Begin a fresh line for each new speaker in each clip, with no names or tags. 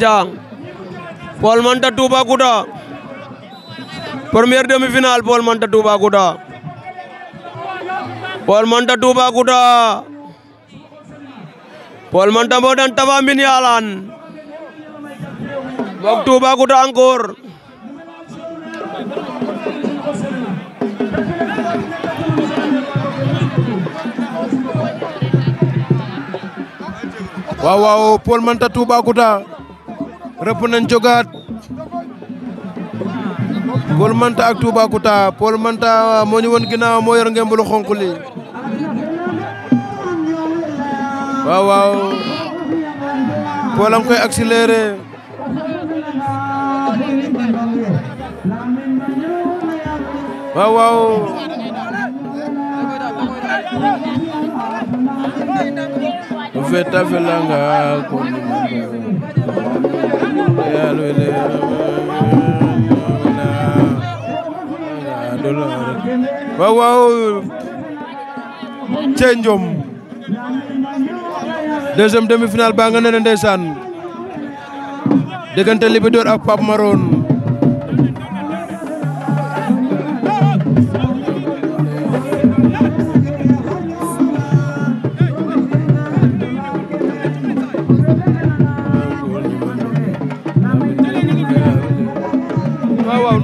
Dia
Paul Manta Toubacouta première demi-finale Paul Manta Toubacouta Paul Manta Toubacouta Paul Manta moo daan Tapha Mbine Yalane mook Toubacouta encore
waaw waaw Paul Manta Toubacouta rëpp nañ jogaat Paul Manta ak kouta Paul Manta uh, moo won woon ginnaaw moo yor ngembulu Wow, wow waaw waaw Paul koy accéléré waaw waaw ufeta felanga konimanga yalwele waaw cenjom deuxième demi-finale ba nga Libidor ak Marone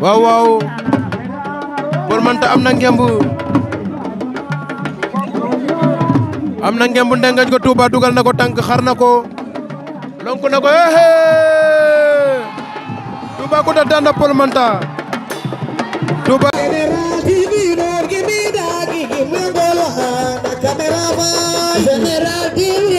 waaw waaw Paul Manta am na ngembu am na ngemb ndengeñ ko Touba dugal nako ko xar na ko nako na ko Touba ko da daan Paul Manta Touba
General TV